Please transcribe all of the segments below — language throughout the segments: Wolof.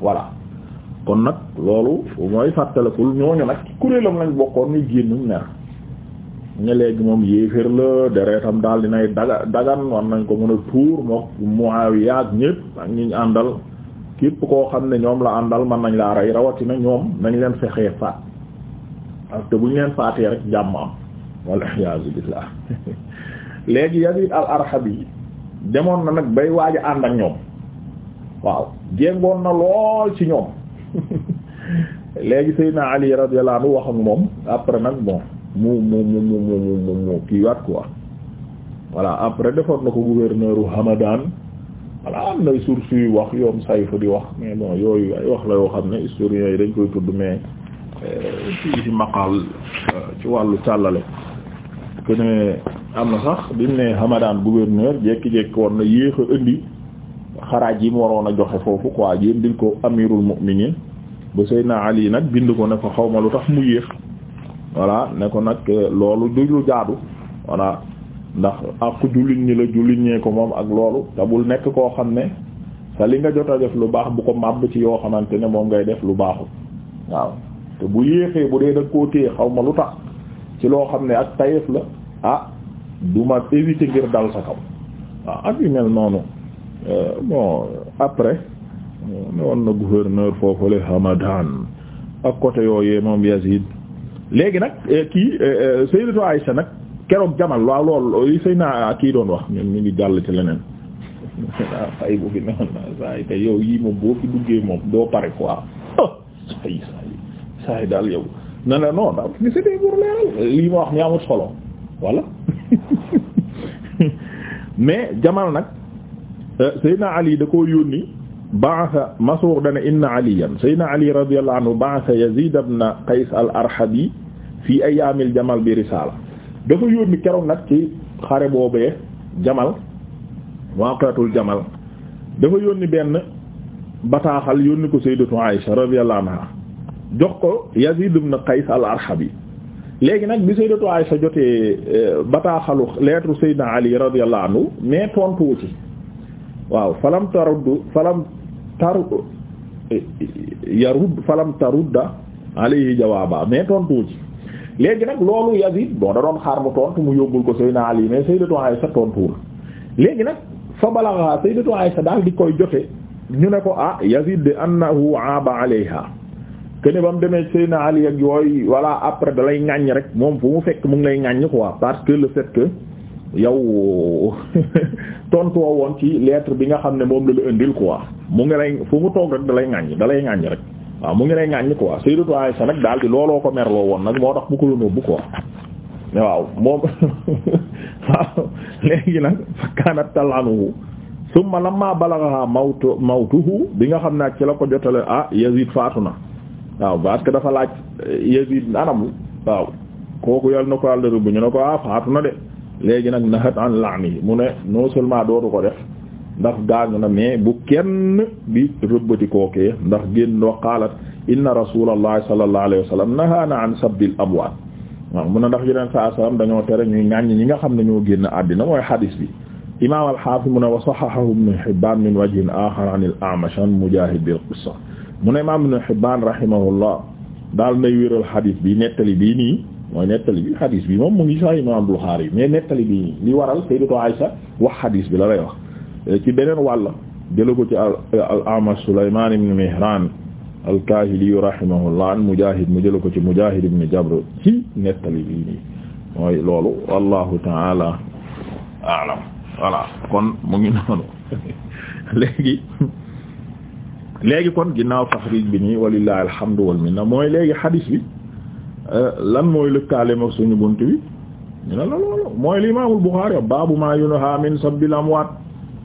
voilà kon nag loolu mooy fàttalikul ñooñu nag ci kuréelam lañ bokkoon ñu génn mer ñu léegi moom yéeféer la deretam daal dinay daga dagan war nañ ko mën a tuur mook Muawiya ak ñépp ak ñi àndal képp koo xam ne ñoom la àndal mën nañ laa rey rawatina ñoom nañ leen fexee faat ak te buñ leen faatee rek jàmm am walla iyaazu billaah léegi Yazid al-Arhabi demoon na nag bay waaja ànd ak ñoom waaw jéngoon na lool ci ñoom léegi Seydina Ali radiyallahu anhu wax ak moom après nag bon mu mu mu mu mu mu mu kii waat quoi voilà après defoon na ko gouverneur u Hamadan voilà am na source yu wax yoom sayfu di wax mais bon yooyu ay wax la yoo xam ne historiens yi dañ koy tudd mais euh, ci ci maqal euh, ci wàllu càllale que ne am na sax bi mu ne Hamadan gouverneur jekki-jekki woon na yéex a indi xaraaj yi mu waroon a joxe foofu quoi yéndil ko amirul mu'minin ba Seydina Ali nag bind ko ne ko xaw ma lu tax mu yéex voilà ne ko nag euh, loolu du lu jaadu voilà ndax ak jullit ñi la jullit ñee ko moom ak loolu te bul nekk koo xam ne te li nga jot a def lu baax bu ko màbb ci yoo xamante ne moom ngay def lu baaxu waaw te bu yéexee bu dee da koo téye xaw ma lu tax ci loo xam ne ak tayef la ah du ma éviter ngir dal sa kaw waaw ak noonu Euh, bon après ne woon na gouverneur foofule Hamadan ak côté yooyee moom Yazid léegi nag eh, kii eh, eh, Sayyidatu Aisha nag keroog Jamal waaw lool sëy naa kii doon wax ñun ñu ngi jàll ci leneen naa fay bu fi yii moom boo fi duggee moom doo pare quoi saa yi saa yi daal yow na la non lii ma wax ni amut solo voilà mais Jamal nag Euh, Seydina Ali da koo yónni ba'atha Masruq dana inna Aliyan Seydina Ali radiyallahu anhu ba'atha Yazid ibn Qays al-Arhabi fii ayyaamil Jamal bi risaala dafa yónni keroog nag ci xare boobee Jamal waaqiatul Jamal dafa yónni benn bataaxal yónni ko Sayyidatu Aïsha radiyallahu jox ko Yazid ibn Qays al-Arhabi léegi nag bi Sayyidatu Aïsha jotee euh, bataaxalu lettre Seydina Ali radiyallahu anhu tontuwu ci waaw falam taruddu falam taru yarud falam tarudda alayhi jawaaba mais tontuwu ci léegi nag loolu Yazid bon da doon xaar mu tontu mu yóbbul ko Seydina Ali mais Sayyidatu Aysa tontuwul léegi nag fa balagha Sayyidatu Aysa daal di koy jote ñu ne ko ah Yazid de annahu aaba alayha kene ba mu demee Seydina Ali ak yooyu voilà après da lay ŋàññ rek moom fu mu fekk mu ngi lay ŋàññ quoi parce que le fait que yow tontoo woon ci lettre bi nga xam ne moom la la indil quoi mu ngi lay fu mu toog rek dalay ŋàññ dalay ŋàññ rek waaw mu ngi lay ŋàññ quoi Sayyidatu Aisha nag daal di looloo ko merloo woon nag moo tax bu ko la nëbbu quoi waaw moom waaw léegi nag fa kaanat talanuhu summa lamma balagha mawtu mawtuhu bi nga xam ne ak ci la ko jotale ah Yazid faatu na waaw parce dafa laaj eh, Yazid anam waaw kooku yal na ko àll bu ñu ne ko ah faatu na de. léegi nag nahat an laani mu ne non seulement dootu ko def ndax gaañu na mais bu kenn bi rëbbati kookee ndax génn wa qaalat inna rasulallahi sallallahu alayhi wa sallam nahaana an sabbil amwaat waaw mun na ndax yeneen saa sallam dañoo tere ñuy ŋàññ ñi nga xam ne ñoo génn àddina mooy xadis bi imam al-Hafiz mu ne wa sahahahu ibn Hibban min wajhin akhar an al-A'mash an Mujahid bil qissa mu ne imam ibn Hibban rahimahullah daal nay wéral xadis bi nettali bii nii mooy nettali bi xadis bi moom mu ngi sax imam Bukhari mais nettali bi li waral sayyidatu Aisha wax xadis bi la lay wax ci beneen wàlla jëla ko ci al Amash Sulayman ibn Mihran al-Kahili rahimahullah an Mujahid mu jëla ko ci Mujahid ibn Jabr ci nettali bi nii mooy loolu wallahu ta'ala a'lam kon mu ngi noonu léegi léegi kon ginnaaw taxrij bi nii walillahi alhamdu wal minna mooy léegi xadis bi Euh, lan mooy lëkkaaleem ak suñu bunt bi ñu ne la loolu mooy li imaamul Buxaari yow baabu maa yunhaa min sabbil amwaat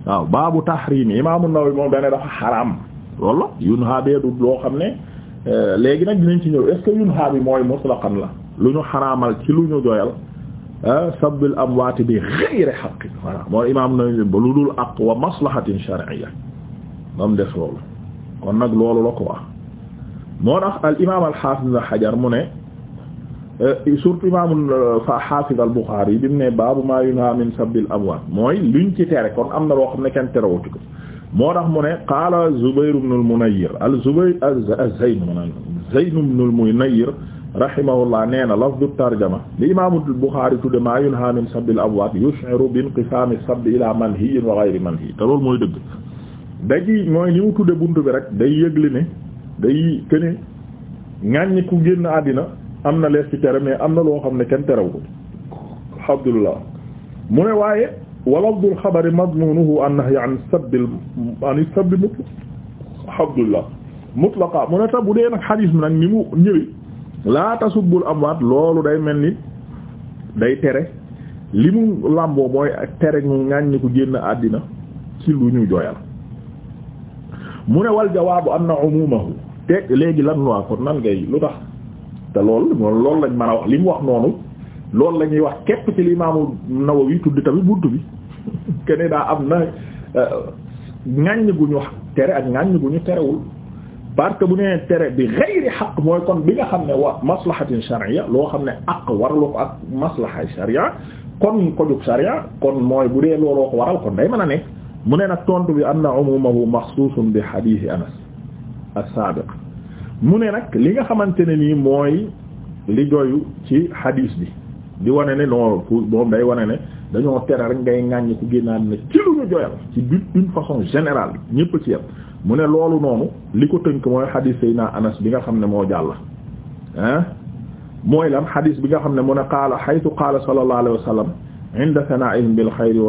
waaw baabu tahriim imaamu Nawawi moom dane dafa xaraam loolu la yunhaa bee du loo xam ne euh, léegi nag dinañ ci ñëw est-ce que yunhaa bi mooy mutlaqan la lu ñu xaraamal ci lu ñu doyal euh, sabbil amwaat bi ghayri haqqin mooy imaam Nawawi ba lu dul aq wa maslahatin shar'iyya bam moo tax al imaam al haafiz Hajar mu ne Euh, surtout imaamul euh, xaafis al Buxaari yi bi mu ne baabu maa yunhaa min sabbil amwaat mooy luñ ci tere kon am na loo xam ne kenn terewatu ko moo tax mu ne qaala Zubayr ibn al-Munayyir al Zubayr az-Zayn Zayn ibn al-Munayyir rahimahullah nee na lafdu tarjama li imaamul Buxaari tudde maa yunhaa min sabbil amwaat yush'iru bi inqisaami sabbi ilaa manhiyyin wa ghayri manhiyyin te loolu mooy dëgg daji mooy ni mu tudde bunt bi rek day yëgle ne day këne ŋàññi ku génn àddina am na lees ci tere mais am na loo xam ne kenn terew ko alhamdulillah mu ne waaye wa lafdul xabari madmunuhu an nahyi an sabbil an sabbil mut alhamdulillah mutlaqa mu ne ta bu dee nag xadiis bi nag ni mu ñëwee laa tasubbul amwaat loolu day mel ni day tere li mu làmboo mooy tere ñu ŋàññi ko génn àddina ci lu ñu jooyal mu ne wal jawaabu anna umumahu teg léegi lan waa kon nan lu tax te loolu moom loolu lañ mën a wax li mu wax noonu loolu la ñuy wax képp ci li imaamu Nawawi tudd tamit bunt bi kene daa am na euh, ŋàññ gu ñu tere ak ŋàññ gu ñu terewul parce que bu nee tere bi xeyri xaq mooy kon bi nga xam ne wa maslahatin sharia loo xam ne aq warlu ko ak maslaha sharia kon ko jug sharia kon mooy bu dee looloo ko waral kon day mën a nekk mu ne nag tontu bi anna umumahu maxsuusun bi hadiisi Anas as-saabiq mu ne nag li nga xamante ne nii mooy li joyu ci xadiis bi di wane ne non moom day wane ne dañoo tere rek ngay ŋàññ ku génnaat na ci lu ñu joyal ci d'une façon général ñëpp ci yam mu ne loolu noonu li ko tënk mooy hadis sayna Anas bi nga xam ne moo jàll ah mooy lan hadis bi nga xam ne mu ne qaala haythu qaala sallallahu alayhi wa sallam inda sana'ihim bil xayri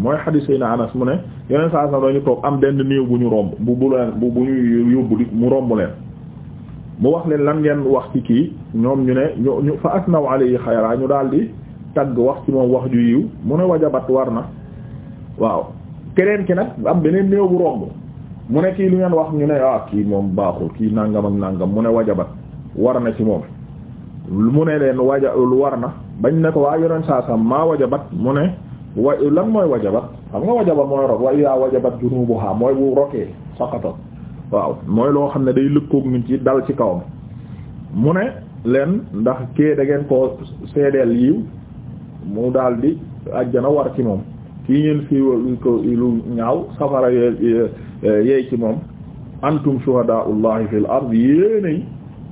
mooy xadiis na Anas mu ne yeneen saa sax dañu toog am benn néew bu ñu romb bu bu bu ñu yóbbu mu romb leen mu wax leen lan ngeen wax ci kii ñoom ñu ne ñu ñu fa asnaw yi xayra ñu daal di tagg wax ci moom wax ju yiw mu ne wajabat war na waaw keneen ki nag am beneen néew bu romb mu ne kii lu ngeen wax ñu ne ah kii moom baaxul kii nàngam ak nàngam mu ne wajabat war na ci moom mu ne leen waja lu war na bañ ne ko waa yonen saasam maa wajabat mu ne wa lan mooy wajabat xam nga wajabat mooy rot wa yaa wajabat junubuha mooy bu rokee saqatat waaw mooy loo xam ne day lëkkoog nit ci dal ci kawam mu ne leen ndax kee da ngeen koo seedeel yiw mu daal di war ci moom kii ngeen fi ko lu ñaaw safara yeey ci moom antum shuhadaa'ullahi fil ard yéenay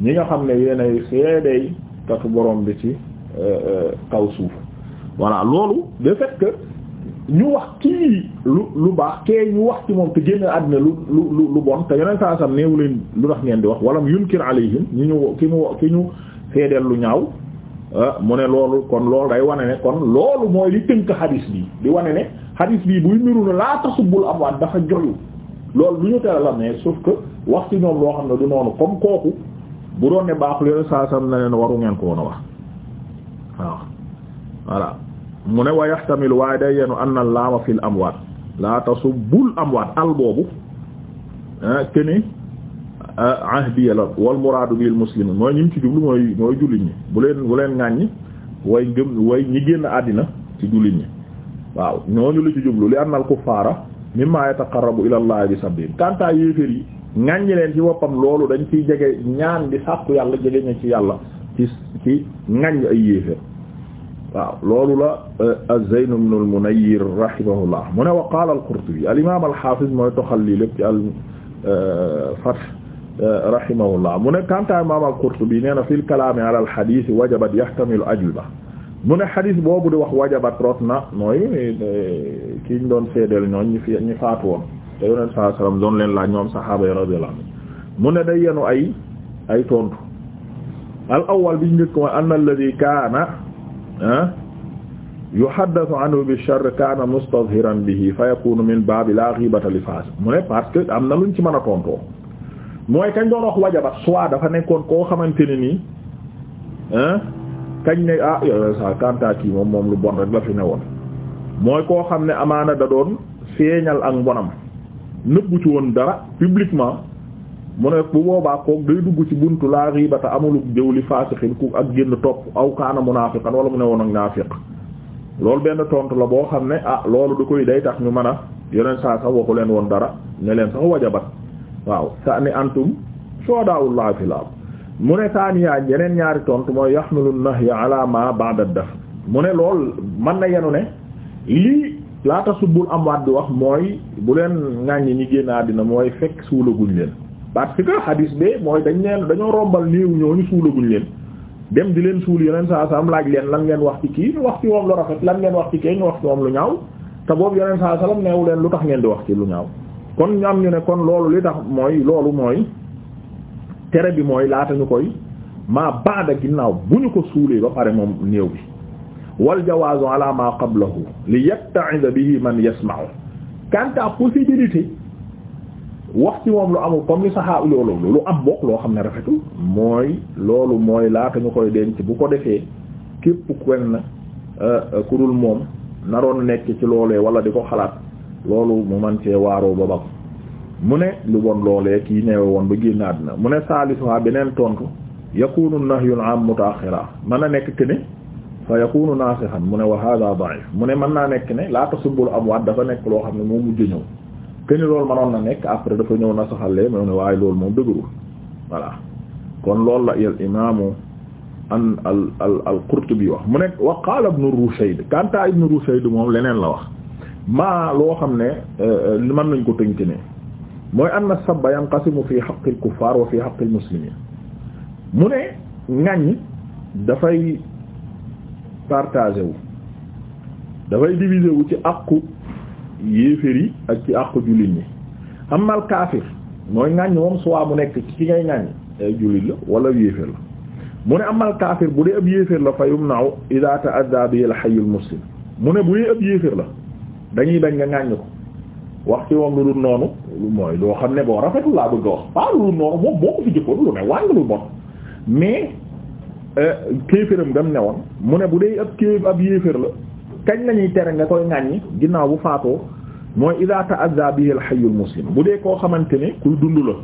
ñi nga xam ne yéenay seedeey katu borom bi ci eh, eh, kaw suuf voilà loolu de fait que ñu wax kii lu lu baax kee ñu wax ci moom te génn àddina lu lu lu bon te yeneen saa sam néew leen lu tax ngeen di wax walam yunkir alayhim ñu ñu ki mu ki ñu seedeel lu ñaaw ah, mu ne loolu kon loolu day wane ne kon loolu mooy li tënk hadis bii di wane ne hadis bii buy niru ne bul am amwaat dafa joyu loolu du ñu tere la mais sauf que wax ci ñoom loo xam ne du noonu comme kooku bu doon ne baaxul yeneen saa sam na leen waru ngeen ko woon a wax waaw voilà mu ne wa yaxtamil waaye day yenu an na laama fil amwaat laa tasubul amwaat al boobu ah, kene ah, ahdiya la wal muraadu bil muslimin mooy ñi mu ci jublu mooy mooy jullit ñi bu leen bu leen ŋàññi way ngëm way ñi génn àddina ci jullit ñi waaw ñooñu la ci jublu li anna al kuffaara mimma yataqarrabu ila allah bi sabbin kantaa yéeféer yi ŋàññi leen ci woppam loolu dañ ciy jege ñaan di sàkku yàlla jege ñu ci yàlla ci ci ay yéeféer waaw loolu la euh, az-Zayn ibn al-Munayyir rahimahullah mu ne wa qaala al-Qurtubi al-imaam al-haafiz mooy toxal lii lépp ci al-Fath euh, euh, rahimahullah mu ne kanta imaam al-Qurtubi nee na fil kalaam ala al-hadiis wajabat yahtamilu ajwiba mu ne xadis boobu di wax wajabat rot na mooy ki ñu doon seedeel ñooñ ñi fi ñi faatu woon te yonent saa sallam doon leen laaj ñoom saxaaba yi radiyallahu anhu mu ne day yenu ay ay tontu al awwal bi ñu njëkk mooy anna alladhi kaana ah yuhaddathu anhu bi sharr kaana mustazhiran bihi fa yakunu min baabi laa ghibata li faas mu ne parce que am na ñu ci man a tontoo mooy kañ doon wax wajabat soit dafa nekkoon koo xamante ne nii ah, kañ ne ah yooyu sa kantaa kii moom moom lu bon rek la fi ne woon mooy koo xam ne amaana da doon feeñal ak mbonam nëbbu ci woon dara publiquement mu ne bu boobaa koog day dugg ci buntu laa ribata amuluk jëw li faasiqin ku ak génn topp aw kaana munaafiqan wala mu ne woon ak naafiq loolu benn tontu la boo xam ne ah loolu du koy day tax ñu mën a yeneen saa sax waxu leen woon dara ne leen sax wajabat waaw sa ni antum shuhadaa'ullaahi fil ard mu ne taaniyaa yeneen ñaari tontu mooy yaxmilu nahya ala ma ba'da daf mu ne lool man na yenu ne lii laata am amwaat bi wax mooy bu leen ŋàññi ñi génn àddina mooy fekk suulaguñ leen parce que hadis bi mooy dañ leen dañoo rombal néew ñooñu suulaguñ leen dem di leen suul yeneen sa am laaj leen lan ngeen wax ci kii ñu wax ci moom lu rafet lan ngeen wax ci kii ñu wax ci moom lu ñaaw te boobu yeneen saa salaam neewu leen lu tax ngeen di wax ci lu ñaaw kon ñu am ñu ne kon loolu li tax mooy loolu mooy tere bi mooy laata ñu koy ma baada ginnaaw bu ñu ko suulee ba pare moom néew bi wal jawaazu ala ma qablahu li yatta'iza bihi man yasma'u quant à wax ci moom lu amul comme li saxaa loolu lu am bokk loo xam ne rafetul mooy loolu mooy laata ñu koy denc bu ko defee képp na euh, ku dul moom naroon nekk ci loolee wala di ko xalaat loolu mu man cee waaroo ba bag mu ne lu bon loolee kii neewe woon ba génn àddina mu ne waa beneen tontu yakunu nahyul am mutaaxira mën a nekk ke ne fa yakunu naasixan mu ne wa hada da'if mu ne mën naa nekk ne laata subbul am waat dafa nekk loo xam ne moo mujj ñëw que ni loolu mënoon na nekk après dafa ñëw na saxalee moo ne waaye loolu moom dëgërul voilà kon loolu la al imaamu an al al al Qurtubi wax mu nekk wa qaala ibnu Rushayd kanta ibnu Rushayd moom leneen la wax maa loo xam ne euh, man nañ ko tënk ne mooy anna sabba yanqasimu fi haqqil kuffaar wa fi haqqil muslimiin mu ne ŋàññ dafay partagé wu dafay divisé ci àqu yéeféer yi ak ci àq jullit ñi amal kaafir mooy ŋàññ moom soit mu nekk ci ngay ŋàññ jullit la wala yéeféer la mu ne amal kaafir bu dee ab yéeféer la fa yumna'u idha ta'adda bihi al mu ne bu dee ab yéeféer la dañuy bañ nga ŋàññ lu dul noonu mooy xam ne boo rafetul laa bëgg a wax pas lu dul noonu moom moo ko fi jëkkoon lu ne wàng lu bon mais euh, kéeféram gam ne woon mu ne bu dee ab kéef ab yéeféer la kañ la ñuy tere nga koy ŋàññi ginnaaw bu faatoo mooy ida ta'azza bihi al-hayyul muslim bu dee koo xamante ne kuy dund la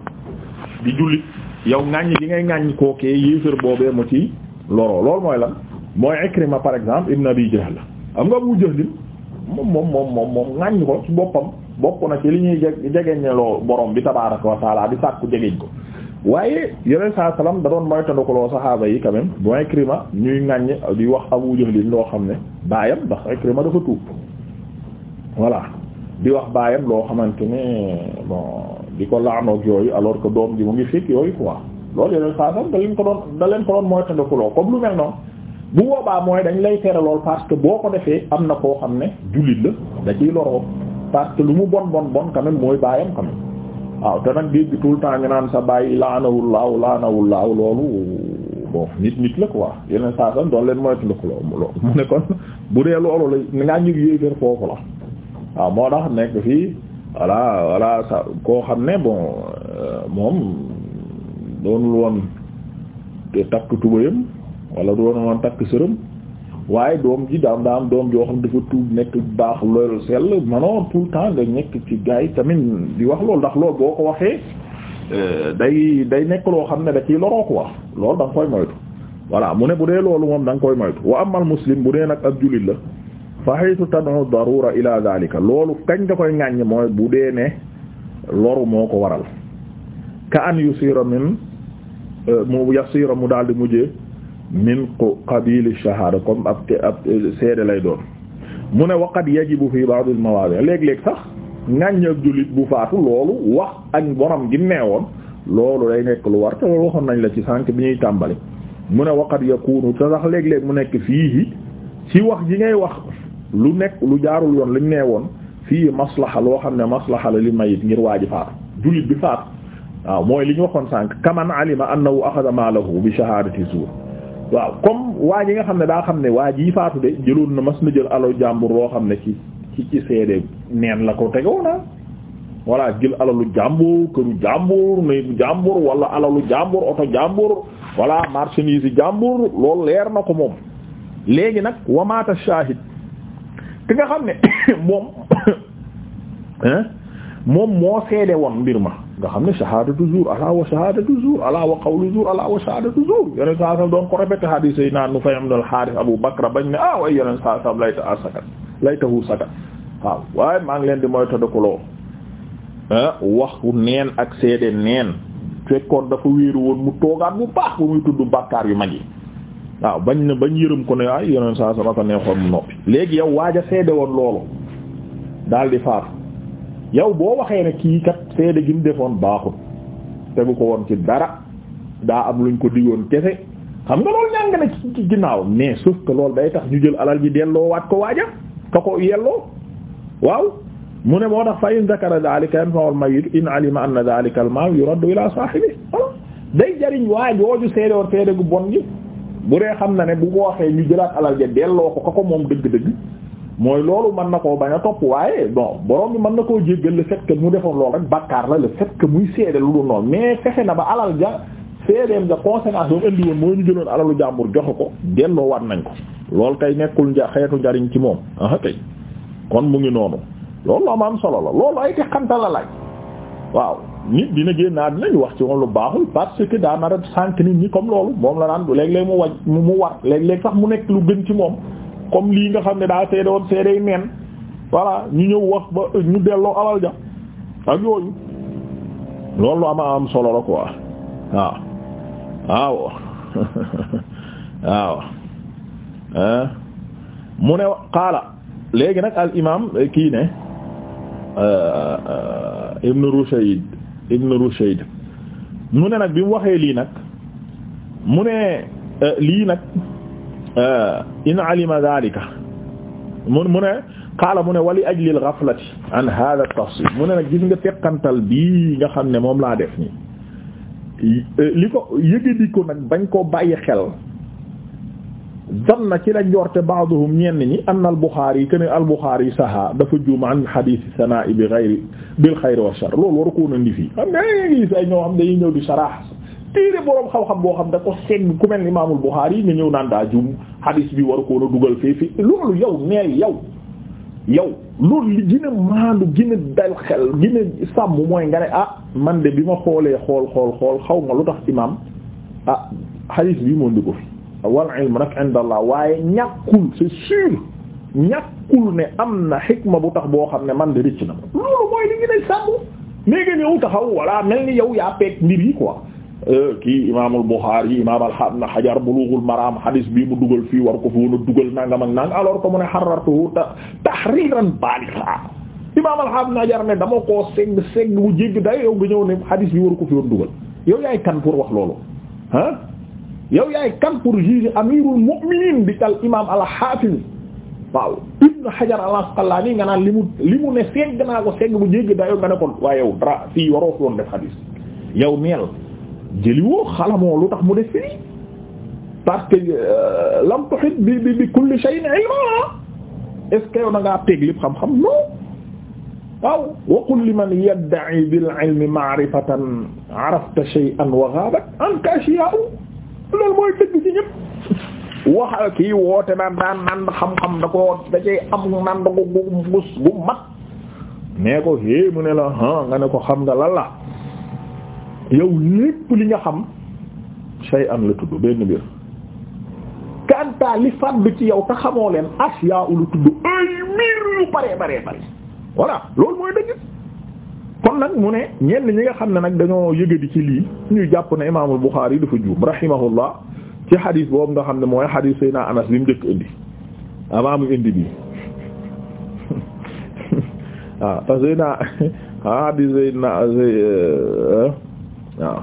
di jullit yow ŋàññi di ngay ŋàññi kookee yéefér boobee mu ci loroo loolu mooy la mooy Ikrima par exemple ibn Abi Jahl am nga Abu jël moom moom moom moom moom ŋàññi ko ci boppam bokk na ci li ñuy jegeñ ne loo borom bi tabaaraka wa taala di sàkku jegeñ ko waaye yeneen saa salaam da doon moytandikuloo saxaaba yi quand même bu Ikrima ñuy ŋàññ di wax Abu Jahl loo xam ne baayam ndax Ikrima dafa tuub voilà di wax baayam loo xamante ne bon di ko laanoog yooyu alors que doom ji mu ngi fekk yooyu quoi loolu yeneen saa salaam da leen ko doon da leen ko doon moytandikuloo comme lu mel noonu bu boobaa mooy dañ lay tere lool parce boo ko defee am na koo xam ne jullit la da ciy loroo parce lu mu bon bon bon mooy baayam quand waaw te nag dégg tout temps nga naan sa bàyyi laanawullaahu laanawullaahu loolu bon nit nit la quoi yeneen saa san doon leen moytu la ko loolu mu ne kon bu dee loolu la ngaa ñëw yéeféer foofu la waaw moo tax nekk fii voilà voilà sa koo xam ne bon euh, moom doonul woon takk tubayam wala doonul woon takk sërëm waaye doom ji daam daam doom joo xam dafa tuub nekk baax loolu sell manoo tout le temps nga nekk ci gars yi tamit di wax loolu ndax loolu boo ko waxee euh, day day nekk loo xam ne da ciy loroo ko wax loolu da koy moytu voilà mu ne bu dee loolu moom da koy moytu wa amal muslim bu dee nag ab jullit la fa haytu tad'u darura loolu kañ da koy ŋàññ mooy bu dee ne loru moo ko waral ka an yusira min euh, mu yasira mu daal di mujjee min qabili shahada comme ab ab seede lay doon mu ne waqat yajibu fi ba'd al mawaadi' léeg-léeg sax ngañ ak jullit bu faatu loolu wax ak borom gi woon loolu day nekk lu war te waxoon nañ la ci sànq bi ñuy tàmbali mu ne waqat yakunu te sax léeg-léeg mu nekk fii ci wax ji ngay wax lu nekk lu jaarul yoon li woon fii maslaha loo xam ne maslaha la li mayit ngir waaji faatu jullit bi faatu waaw mooy li ñu waxoon sànq kaman an annahu axada maalahu bi shahadati zuur waaw comme waa ji nga xam ne daa xam ne waa ji faatu de jëloon na mas na jël alalu jàmbur loo xam ne ci ci ci seede neen la ko tegoona ah. voilà jël alalu jàmbur këru jàmbur néegu jàmbur wala alalu jàmbur oto jàmbur voilà marchandise yi jàmbur leer na ko moom léegi nag wamaata shahid ki nga xam ne moom moom moo seede woon mbir ma nga xam ne shahadatu zuur ala a shahadatu zuur ala wa qawlu zuur ala wa shahadatu zuur yeneen saa sam doon ko répété hadis yi naan nu fay am nal xaaris Abu Bakr bañ ne ah waaye yeneen saa sam layta a sakat waaw waaye maa ngi leen di mooy tadakaloo ah, waxu neen ak seede neen fekkoon dafa wéeru woon mu toogaat bu baax bu muy tudd bàkkaar yu mag yi waaw bañ na bañ yërëm ko ne ay yeneen saa sama léegi yow waaj a seede woon loolu daal di faatu yow boo waxee ne kii kat seede gi mu defoon baaxul tegu ko woon ci dara daa am luñ ko digoon kese xam nga loolu ñàng na ci ginnaaw mais sauf que loolu day tax ñu jël alal ji delloo waat ko waaja ka ko yelloo waaw mu ne moo tax fa in zakara dhalika yanfa'u al-mayyit in alima anna dhalika al-mal yuraddu ila sahibi day jariñ waaj wooju seede woon seede gu bon gi bu dee xam na ne bu ko waxee ñu jëlaat alal ja delloo ko ka ko moom dëgg-dëgg mooy loolu man na koo bañ a topp waaye bon borom bi mën na koo jéggal le fait que mu defoon loolu rek bàkkaar la le fait que muy seede lu dul noonu mais fexe na ba alal ja seedeem ja conséquence boobu indi woon mooy ñu jëloon alalu jàmbur joxe ko delloo war nañ ko loolu kay nekkul nja xeetu njariñ ci moom ah kon mu noonu loolu am solo la loolu ay teqanta la laaj waaw nit dina génn wax ci moom lu baaxul parce daa nar a sànq ñi comme loolu moom la naan léeg-léeg mu waj mu war léeg-léeg sax mu nekk lu gën ci moom comme lii nga xam ne daa seede woon seede yi neen voilà ñu ñëw wax ba ñu delloo alal ja ak yooyu loolu ama am solo la quoi waaw waaw waaw mu ne qaala léegi nag al imaam kii ne euh, Ibn Rushayd Ibn Rushayd mu ne nag bi mu waxee lii nag mu ne euh, lii nag Eh, in alima dhalika mu ne qaala mu ne wali ajli al-ghaflati an hadha at-tafsil mu ne nag gis nga teqantal bii nga xam ne moom laa def nii li ko yëgadi ko nag bañ koo bàyyi xel zanna ci la njorte ba'duhum ñenn ñi anna al-Bukhari yi kene al-Bukhari saha dafa juum an hadith sanaa'i bi ghayri bil khayri wa shar loolu waru ko woon a indi fii xam nga gis ay ñoo xam dañuy ñëw di saraax téere boroom xam-xam boo xam da ko seen ku mel ni Imaamul Buxaari nga ñëw naan daa jum hadis bi war koon a dugal fii fii loolu yow neel yow yow loolu li gën a maandu gën dal xel gën a sàmm mooy nga ne ah man de bi ma xoolee xool xool xool xaw ma lu tax imaam ah hadis bi moo ndi ko fi wal ilm waaye ñàkkul c'est sûr ne am na xikma bu tax boo xam ne man de rëcc na ma loolu mooy li gën a sàmm nga ñëw taxaw walla mel ni yow yaa peeg mbir yi quoi Euh, kii imaamul Buxaari imaam al-Hafiz Hajar Bulughul Maram hadis bii mu dugal fii war ko fi woon a dugal nangam ak nang alors que mu ne harrartuhu tahriran baligha imaam al-Hafiz Hajar ne dama koo segg segg bu jégg day yow nga ñëw ne hadis bi war ko fi woon dugal yow yaay kan pour wax loolu ah yow yaay kan pour juger amirul mu'minin bi tal imaam al-Hafiz waaw Ibn Hajar al-Asqalani nga naan li mu li mu ne segg naa ko segg bu jégg day yow nga ne ko waaye yow dara fii waroo fi woon def hadis yow neel. jëliwoo xalamoo lu tax mu def fii que euh, lam tuhit bi bi bi kulli shay'in ilma est-ce que yow da ngaa teg xam-xam non waaw wa qul liman yadda'i bil ilmi ma'rifatan arafta shay'an wa ghabat anka ashya'u loolu mooy dëgg ci ñëpp waxal kii woote naan daan nand xam-xam da ko da cay am nand gu gu gu mat ko hé mu ne la ha nga ne ko xam nga lan la yow lépp li nga xam shay'an la tudd benn mbir kanta li fàdd ci yow te xamoo leen asyaa u la tudd ay mbir yu bare bare bare voilà loolu mooy dëgg kon nag mu ne ñenn ñi nga xam ne nag dañoo yëgadi ci lii ñuy jàpp ne imaamul Buxaari dafa juum rahimahullah ci xadis boobu nga xam ne mooy xadis Seydina Anas bi mu jëkk indi avant mu indi bi waaw ah, te Seydina ah di Seydina euh, waaw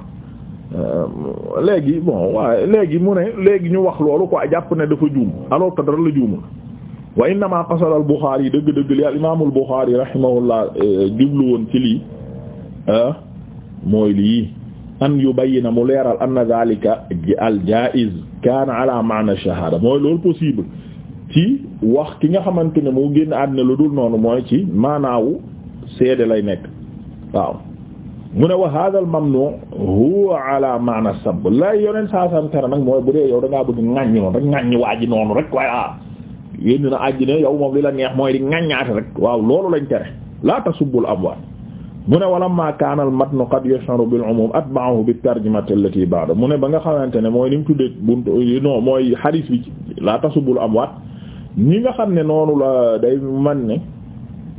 euh, léegi bon waaye léegi mu ne léegi ñu wax loolu quoi jàpp ne dafa juum alors que dara la juumul wa innama qasada al Bukhari dëgg-dëgg li al imaamul Bukhari rahimahullah euh, jublu woon ci lii euh, mooy lii an bayna mu leeral anna zalika al jaiz kaana ala maana shahada mooy loolu possible ci wax ki nga xamante ne moo génn àddina lu dul noonu mooy ci maanaawu seede lay nekk waaw mu ne wa hadha al mamnu huwa ala maana sabb lay yoneen saasam tere nag mooy bu dee yow da ngaa bëgg ŋàññi noonu rek ŋàññi waa ji noonu rek waaye ah yénn na àjji ne yow moom li la neex mooy di ŋàññaate rek waaw loolu lañ tere la tasubbul amwaat mu ne wala ma kaana al matnu qad yash'uru bil umum atba'ahu bit tarjimati allati ba'da mu ne ba nga xamante ne mooy ni mu tuddee buntu non mooy hadith bi la tasubbul amwaat ñi nga xam ne noonu la day man ne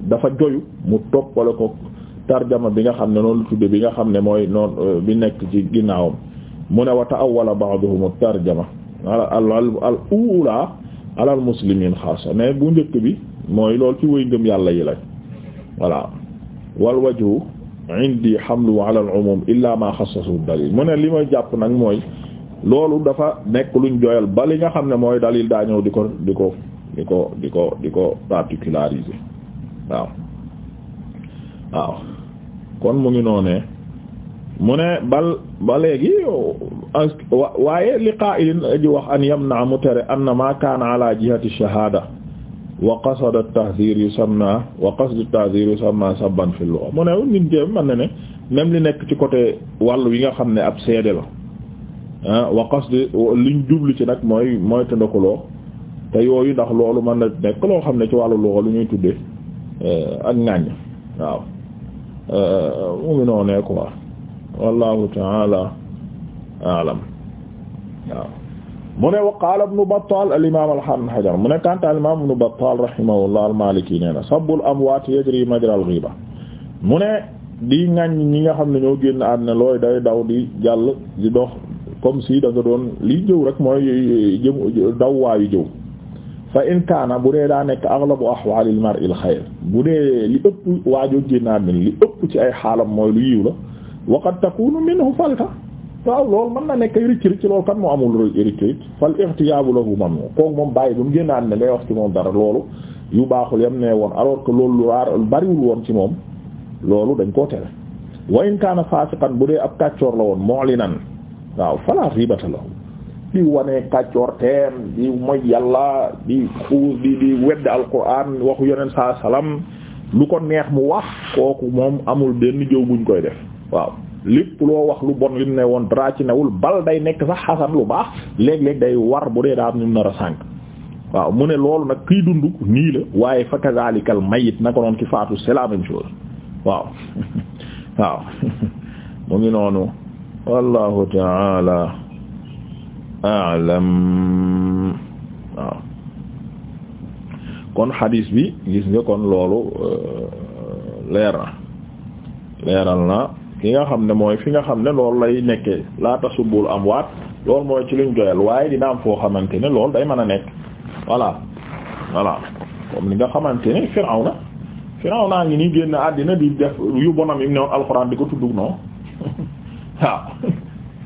dafa joyu mu toppale ko tarjama bi nga xam ne noonu lu tudde bi nga xam ne mooy noonu euh, bi nekk ci ginnaawam mu ne wa ta'awwala ba'duhum at-tarjama al al ula alal muslimin xaasa mais bu njëkk bi mooy lool ci wëy ngëm yàlla yi lañ voilà wal wajhu indi hamlu ala al umum illa ma xassasu ne li jàpp nag mooy loolu dafa nekk luñ joyal ba li nga xam ne mooy dalil daa ñëw di ko di ko di ko di ko di ko particulariser waaw waaw kon mu ngi noonee mu ne bal ba léegi waaye li qaa'ilin aji wax an naa mu tere na ma kaana ala jihati shahaada wa qasada at-tahzir yusamma wa qasdu at-tahzir yusamma sabban fi lugha mu ne nit jéem mën na ne même li nekk ci côté wàllu yi nga xam ne ab seede la ah wa qasdu liñ jublu ci nag mooy mooy tëndakuloo te yooyu ndax loolu mën na nekk loo xam ne ci wàllu lugha lu ñuy tuddee eh, ak ŋàññ waaw Euh, mu ngi noonee quoi wallahu taala alam waaw mu ne wa qaala ibnu Battaal al imaam al Hajar mu ne kaana al imaam ibnu Battaal rahimahullah al Maaliki nee na sabbul amwaat yajri majral ghiiba mu ne di ŋaññ ñi nga xam ne ñoo génn àddina looy day daw di jàll di dox comme si da nga doon liy jëw rek mooy jëm daw waayu jëw fa in kaana bu dee daa nekk aghlabu ahwaalil mar'il xayr bu dee li ëpp waajoo génnaat min li ëpp ci ay xaalam mooy lu yiw la wa qad takunu minhu falta waaw loolu mën na nekk ricc ricc loolu kan moo amul ricc ricc fal irtiyaabu lahu man kooku moom bàyyi ba mu génnaat ne ngay wax ci moom dara loolu yu baaxul yam nee woon alors que loolu lu raar bariwul woon ci moom loolu dañ koo tere wa in kaana faasiqan bu dee ab kàccoor la woon mu'linan waaw fala ribata lahu di wane kàccoor teem di moy yàlla di xuus di di wedd alquran waxu yonent saa salaam lu ko neex mu wax kooku moom amul benn jëw buñ koy def waaw lépp loo wax lu bon lim ne woon dara ci newul bal day nekk sax xasan lu baax léeg-léeg day war bu dee daa am ñu nar a waaw mu ne loolu nag kiy dund nii la waaye fa kazalikal mayit naka noon ki faatu c'est la même chose waaw waaw mu ngi noonu wallahu taala a'lam waaw kon xadiis bi gis nga kon loolu euh, leer na leeral na ki nga xam ne mooy fi nga xam ne loolu lay nekkee laa tasubul amwaat lool mooy ci luñ joyal waaye dina am foo xamante ne loolu day mën a nekk voilà voilà comme li nga xamante ne Firawna Firawna ngi nii génn àddina di def yu bonam yi mu ne woon alxuraan di ko tuddu noonu waaw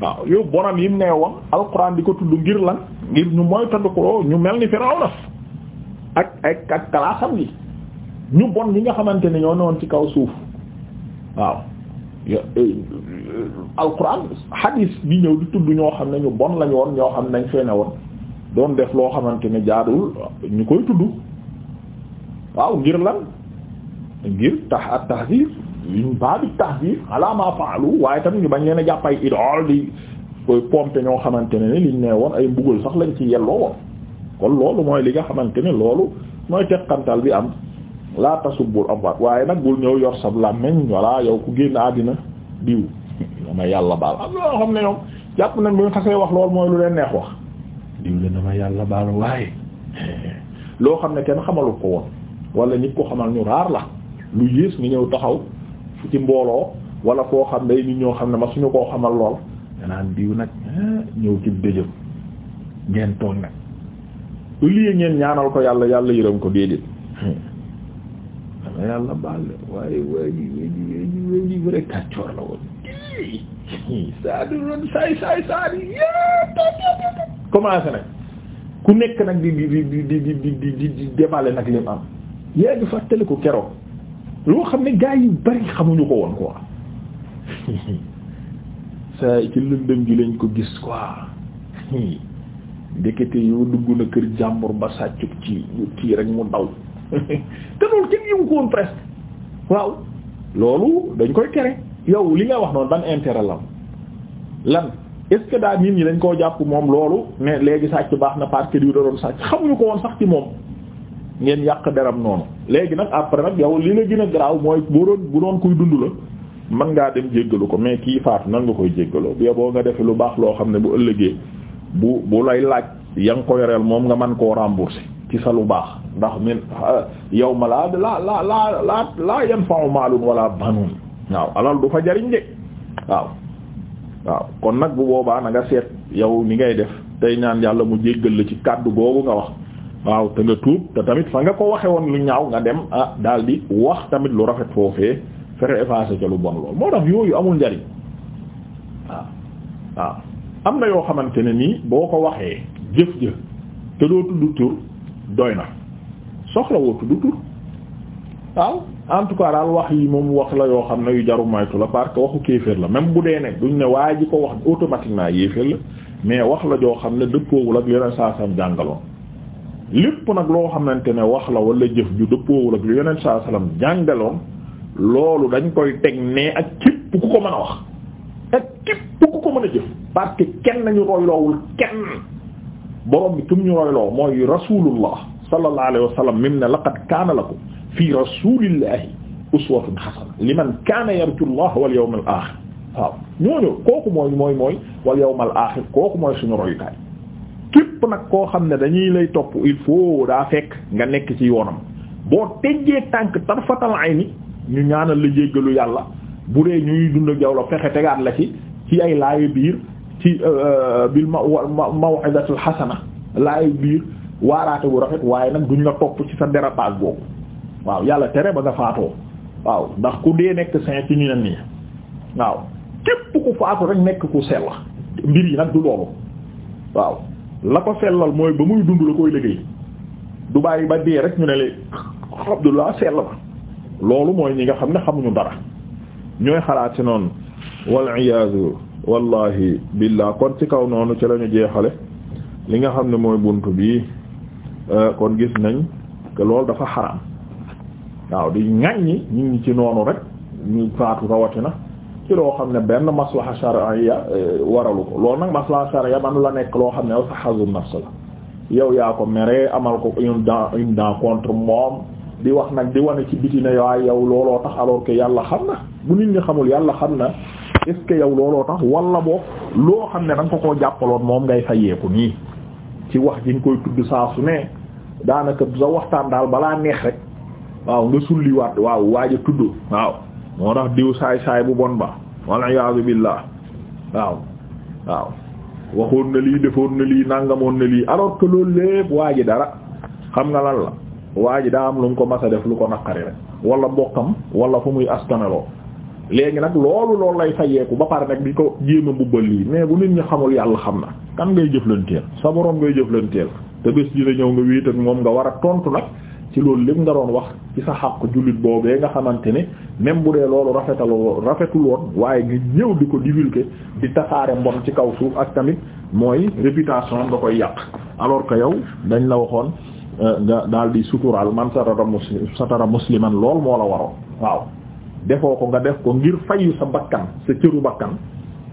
waaw yow bonam yi mu nee woon alxuraan di ko tudd ngir lan ngir ñu moytandikoo ñu mel ni Firawna ak ak ak kalaasam gi ñu bon ñi nga xamante ne ñoo newoon ci kaw suuf waaw eh, alxuraan hadis bi ñëw di tudd ñoo xam ne ñu bon lañ woon ñoo xam ne dañ fee ne woon doon def loo xamante ne jaadul ñu koy tudd waaw ngir lan ngir tax at min baabi tahdid bi ma faalu waaye tamit ñu bañ leen a jàpp ay idole di koy pompe ñoo xamante ne ni liñ ne woon ay mbugal sax lañ ci yelloo woon kon loolu mooy li nga xamante ne loolu mooy teqantal bi am laa tasubul amwaat waaye nag bul ñëw yor sab làmmiñ voilà yow ku génn àddina diw dama yàlla baal am loo xam ne ñoom jàpp nañ bu ñu xasee wax loolu mooy lu leen neex wax diw leen dama yàlla baal waaye loo xam ne kenn xamalul ko woon wala nit ko xamal ñu raar la lu yées nga ñëw taxaw ci mbooloo wala koo xam ne nit ñoo xam ne ma suñu koo xamal lool danaan diw nag ñëw ci dëjëm ngeen toog nag au lieu ngeen ñaanal ko yàlla yàlla yërëm ko déedéet dama yàlla baal waaye waa ji waa ji waa ji waa ji vrai kàccoor la woon saa di doon saay saay saa di commencé nag ku nekk nag di di di di di di di di débale nag lim am yaa ngi fàttaliku keroog loo xam ne gaa yi bari xamuñu ko woon quoi saa ci lëndëm gi lañ ko gis quoi ndekete yoo dugg na kër jàmbur ba sàccu ci kii rek mu daw te loolu kenn yëngu ko woon presque waaw loolu dañ koy tere yow li ngay wax noonu ban intérêt lam lan est nit ñi dañ koo jàpp moom loolu mais léegi sàcc baax na parce que diw da doon sàcc xamuñu ko woon sax ci moom ngeen yàq deram noonu léegi nag après nag yow li la gën a garaaw mooy bu doon bu doon kuy dund la mën ngaa dem jéggalu ko mais kii faatu nan nga koy jéggaloo bi boo nga defee lu baax xam ne bu ëllëgee bu bu lay laaj ya nga ko yoreel moom nga mën koo rembourser ci sa lu baax ndax min yow ma laa la la la la laa yan fa'u maalun wala banun waaw alal du fa jariñ de waaw waaw kon nag bu boobaa na nga seet yow ni ngay def tey ñaan yàlla mu jéggal la ci kàddu boobu nga wax waaw te nga tuub te tamit fa nga ko waxe woon lu ñaaw nga dem ah daal di wax tamit lu rafet foofee fexe effacé ca lu bon lool moo tax yooyu amul njariñ waaw waaw am na yoo xamante ne nii boo ko waxee jëf-jëf te doo tudd tur doy na soxla woo tudd tur waaw en tout cas daal wax yi moom wax la yoo xam ne yu jaru maytu la parce que waxu kéeféer la même bu dee ne duñ ne waa ji ko wax automatiquement yéeféer la mais wax la joo xam ne dëppoowul ak yeneen saa sam jàngaloon lépp nag loo xamante ne wax la walla jëf ju dëppoowul ak lu yeneen saa salaam jàngaloon loolu dañ koy teg ne ak képp ku ko mën wax ak képp ku ko mën a jëf parce que kenn nañu royloowul kenn borom bi tum ñu royloo mooy rasulullah sallallahu alayhi wa sallam mim ne laqad kaana lakum fi rasulillahi uswatun hasana liman kaana yarju allah wal yawmal axir waaw ñooñu kooku mooy mooy mooy wal yawmal axir kooku mooy suñu royukaay képp nag koo xam ne dañuy lay topp il faut daa fekk nga nekk ci yoonam boo tejjee tànk tarfatal ayni ñu ñaanal la jéggalu yàlla bu dee ñuy dund ak yow la fexe tegaat la ci ci ay laayu biir ci euh, euh, bil ma maw'izatul hasana laayu biir waaraate bu rafet waaye nag duñ la topp ci sa dérapage boobu waaw yàlla tere ba nga faatoo waaw ndax ku dee nekk saint ci ñu ne nii waaw képp ku faatu rek nekk ku sell mbir yi nag du loolu waaw la ko sellal mooy ba muy dund la koy liggéey du bàyyi ba dee rek ñu ne le Abdullah sell na loolu mooy ñi nga xam ne xamuñu dara ñooy xalaat ci noonu wal iyaazu wallahi billah kon ci kaw noonu ci lañu jeexale li nga xam ne mooy bunt bi euh, kon gis nañ que loolu dafa xaraam waaw di ñaññi ñu ngi ci noonu rek ñu faatu rawatina ci xam ne benn maslaha shar'iyya eh, waralu ko loolu nag maslaha shar'iyya man la nekk loo xam ne yow sa xazu nafs la yow yaa ko meree amal ko une dent une moom di wax nag di wane ci biti ne waaye yow looloo tax alors que yàlla xam na bu nit ñi xamul yàlla xam na est ce yow looloo tax wala boo loo xam ne da nga ko koo jàppaloon moom ngay fayeeku nii ci wax di nga koy tudd saa su ne daanaka sa waxtaan daal balaa neex rek waaw nga sulliwaat waaw waaw. moo tax diw saay-saay bu bon ba wal iyaazu billah waaw waaw waxoon na lii defoon na lii nangamoon na lii alors que loolu lépp waa ji dara xam nga lan la waa ji daa am lu mu ko mas a def lu ko naqari rek wala mbokkam wala fu muy askanaloo léegi nag loolu lool lay fayeeku ba pare nag di ko jéem a mbubbal lii mais bu nit ñi xamul yàlla xam na kan ngay jëflanteel sa borom ngay jëflanteel te bés dina ñëw nga wéet ak moom nga war a tontu nag ci loolu lépp nga doon wax ci sa xàq jullit boobee nga xamante ne même bu dee loolu rafetaloo rafetul woon waaye ngi ñëw di ko divulguer di tasaare mbon ci kaw suuf ak tamit mooy réputation nga koy yàq alors que yow dañ la waxoon euh, nga daal di suturaal man satara muslim satara musliman lool moo la waroon waaw defoo ko nga def ko ngir fayu sa bakkan sa cëru bakkan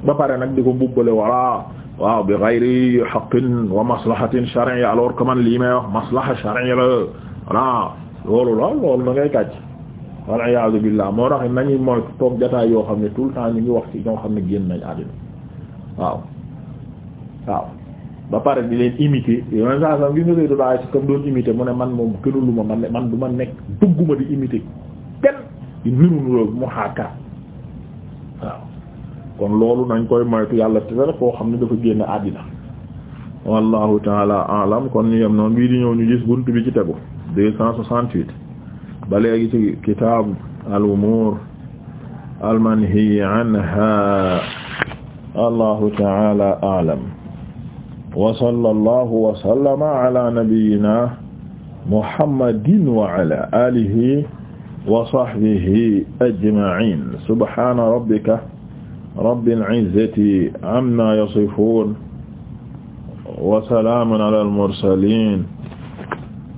ba pare nag di ko mbubbale walla waaw bi ghayri haqqin wa maslahatin shar'iyya alors que man lii may wax maslaha shar'iyya la voilà loolu la loolu da ngay kàcc wal iyaazu billaah moo tax nañu mooy toog jataay yoo xam ne tout le temps ñu ngi wax ci ñoo xam ne génn nañ àddina waaw waaw ba pare di leen imiter yooyu saa saa ngi nga sëy doon si comme doon imiter mu ne man moom gënalu ma man man du ma nekk dugguma di imiter kenn di niru niru mu xaakaat waaw kon loolu nañ koy moytu yàlla te rek koo xam ne dafa génn àddina wallahu taala alam kon ñu yem noonu bii di ñëw ñu gis bunt deux cent soixante-huit ba léegi ci kitaab al umuur al manhiyyi anhaa allahu ta'ala a'lam wa sallallahu wa sallama ala nabiyyina muhammadin wa ala alihi wa sahbihi ajma'in subhana rabbika rabbil izzati amma yasifun wa salamun ala al mursalin